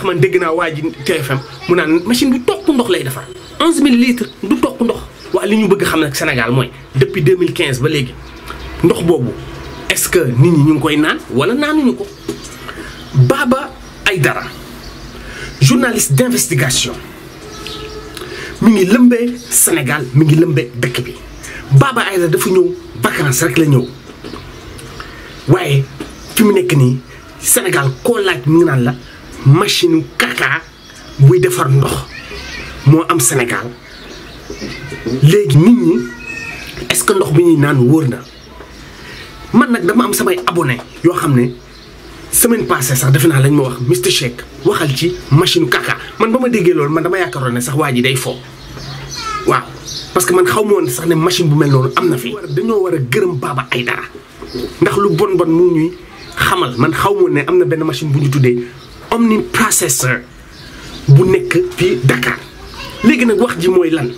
ndax man dégg naa waa ji TFM mu naan machine bi toq ndox lay defar 11000 litres du toq ndox waa li ñu bëgg xam nag Sénégal mooy depuis 2015 ba léegi ndox boobu est-ce que nit ñi ñu ngi koy naan wala naanuñu ko ay Aïdara journaliste d'investigation mi ngi lëmbee Sénégal mi ngi lëmbee dëkk bi Baba Aïdara dafa ñëw vacances rek la ñëw waaye fi mu nekk nii Sénégal koo laaj mi ngi la machine kaka buy defar ndox moo am Sénégal léegi nit ñi est-ce que ndox bi ñuy naan wóor na man nag dama am samay abone yoo xam ne semaine passée sax defe naa lañ ma wax Mister Shake waxal ci machine kaka man ba ma déggee loolu man dama yaakaaroon ne sax waa ji day fo waaw parce que man xaw ma woon sax ne machine bu mel noonu am na fi. dañoo war a gërëm ay Aïdara ndax lu bon bon mu ñuy xamal man xaw ma ne am na benn machine bu ñu tuddee. processor bu nek fi Dakar légui nak wax ji moy lan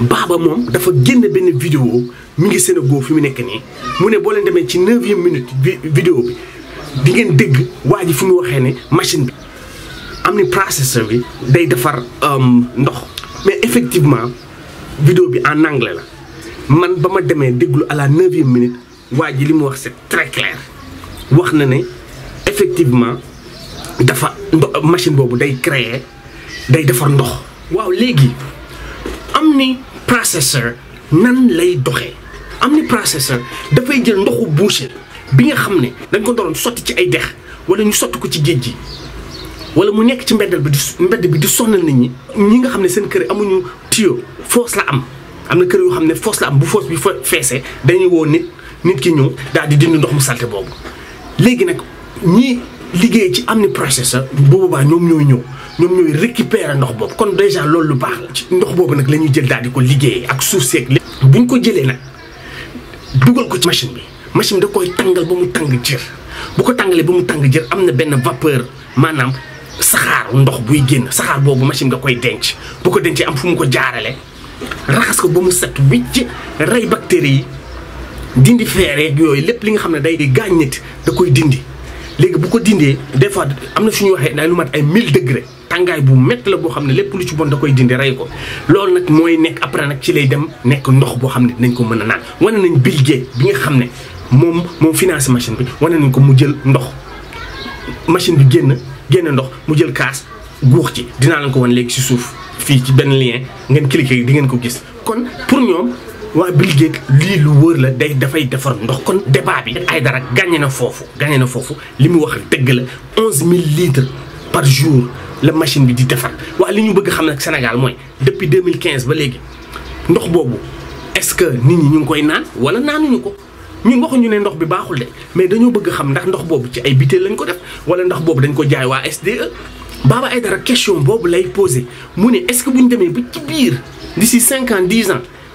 baba mom dafa génn ben vidéo mi ngi Sénégal fi mu nek ni mu ne boo leen demee ci 9e minute vidéo bi di ngeen dégg waa ji fu mu machine bi processor bi day euh ndox mais effectivement vidéo bi en anglais la man bama démé dégglu à la 9e minute waji limu li wax c'est très clair wax na né effectivement dafa machine boobu day créer day defar ndox. waaw léegi am omniprocesseur nan lay doxe am doxee omniprocesseur dafay jël ndoxu boucher bi nga xam ne dañ ko doon sotti ci ay dex wala ñu sotti ko ci géej gi wala mu nekk ci mbeddal bi di mbedd bi di sonal nit ñi. ñi nga xam ne seen kër amuñu tuyau foos la am am na kër yoo xam ne foos la am bu foos bi fa feesee dañuy woo nit nit ki ñëw daal di dindi ndox mu salte boobu léegi nag ñi liggéey ci am ni processeur bu boobaa ñoom ñooy ñëw ñoom ñooy récupérer ndox boobu kon déjà loolu lu baax ndox boobu nag la ñuy jël daal di ko liggéeyee ak suuf seeg lépp. bu ñu ko jëlee nag dugal ko ci machine bi machine da koy tàngal ba mu tàng jër bu ko tàngalee ba mu tàng jër am na benn vapeur maanaam saxaar ndox buy génn saxaar boobu machine da koy denc bu ko dencee am fu mu ko jaarale raxas ko ba mu set wicc rey bactéries yi dindi feere yooyu lépp li nga xam ne day gaañ nit da koy dindi. léegi bu ko dindee des fois am na ñu waxee day lu mat ay mille degré tàngaay bu métti la boo xam ne lépp lu ci bon da koy dindi rey ko loolu nag mooy nekk après nag ci lay dem nekk ndox boo xam ne dinañ ko mën a naan wane nañ Bill Gates bi nga xam ne moom moom finance machine bi wane nañ ko mu jël ndox machine bi génn génn ndox mu jël kaas guux ci dinaa leen ko wan léegi si suuf fii ci benn lien ngeen cliquer di ngeen ko gis kon pour ñoom waa Bill Gates lii lu wër la day dafay defar ndox kon débat bi ay dara gagné na foofu gagné na foofu li mu wax dëgg la onze mille litres par jour la machine bi di defar waa li ñu bëgg xam nag Sénégal mooy depuis 2015 ba léegi ndox boobu est-ce que nit ñi ñu ngi koy naan wala naanuñu ko ñun waxuñu ne ndox bi baaxul de mais dañoo bëgg xam ndax ndox boobu ci ay butéel lañ ko def wala ndox boobu dañ ko jaay waa SDE Baba Aïdara question boobu lay posé mu ne est-ce que bu ñu demee ba ci biir d'ici cinq ans dix ans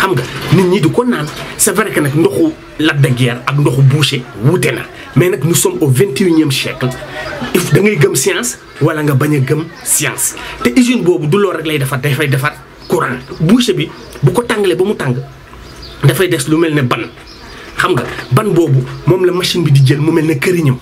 xam nga nit ñi di ko naan c' est vrai que nag ndoxu Lac de Guiers ak ndoxu Boucher wuute na mais nag nous sommes au vingt et unième siècle if da ngay gëm science wala nga bañ a gëm science te usine boobu du loolu rek lay defar dafay defar courant Boucher bi bu ko tàngalee ba mu tàng dafay des lu mel ne ban xam nga ban boobu moom la machine bi di jël mu mel ne këriñam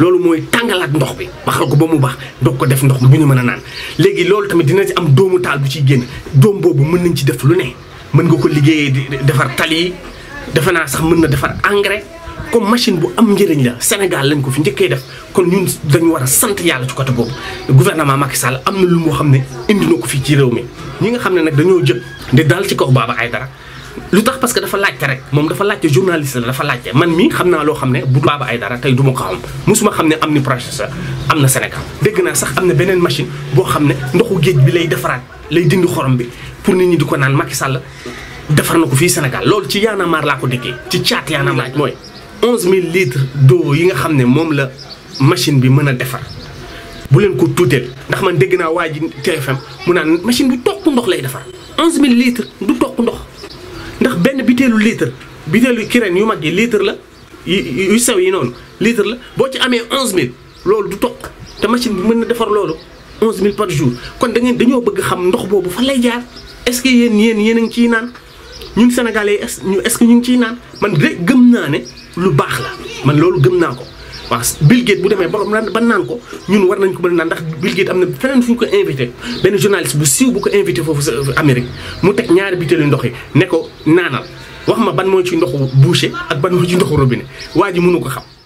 loolu mooy tàngalaat ndox bi baxal ko ba mu bax doog ko def ndox bu ñu mën a naan léegi loolu tamit dina ci am doomu taal bu ciy génn doom boobu mën nañ ci def lu ne mën nga ko liggéeyee di defar tali defe naa sax mën na defar engrais comme machine bu am njëriñ la Sénégal lañ ko fi njëkkee def kon ñun dañu war sant yàlla ci côté boobu gouvernement Macky Sall am na lu moo xam ne indi na ko fii ci réew mi. ñi nga xam ne nag dañoo jël di daal ci kaw ay dara lu tax parce que dafa laajte rek moom dafa laajte journaliste la dafa laajte man mii xam naa loo xam ne bu ay dara tey du ma ko xam musuma xam ne am ni processeur am na Sénégal. dégg naa sax am na beneen machine boo xam ne ndoxu géej bi lay defaraat lay dindi xorom bi. pour nit ñi di ko naan Macky Sall defar na ko fii senegal loolu ci Y'en a marre laa ko déggee ci caat Y'en a marre mooy onze mille litres doo yi nga xam ne moom la machine bi mën a defar bu leen ko tuuteel ndax man dégg naa waa ji TFM mu naan machine bi toq ndox lay defar onze mille litres du toq ndox ndax benn biteelu litre biteelu kireen yu mag yi litre la yu yi noonu litre la boo ci amee onze mille loolu du toq te machine bi mën na defar loolu onze mille par jour kon da dañoo bëgg xam ndox boobu fa lay jaar est ce que yéen yéen yéen ngi ciy naan ñun sénégalais est ce que ñu ngi ciy naan man rek gëm naa ne lu baax la man loolu gëm naa ko. waaw Bill Gates bu demee ba naan ko ñun war nañ ko mën a naan ndax Bill Gates am na feneen fu ko invité benn journaliste bu siiw bu ko invité foofu sa Amérique mu teg ñaari butéelu ndox yi ne ko naanal wax ma ban mooy ci ndoxu bouché ak ban mooy ci ndoxu robine waa ji mënu ko xam.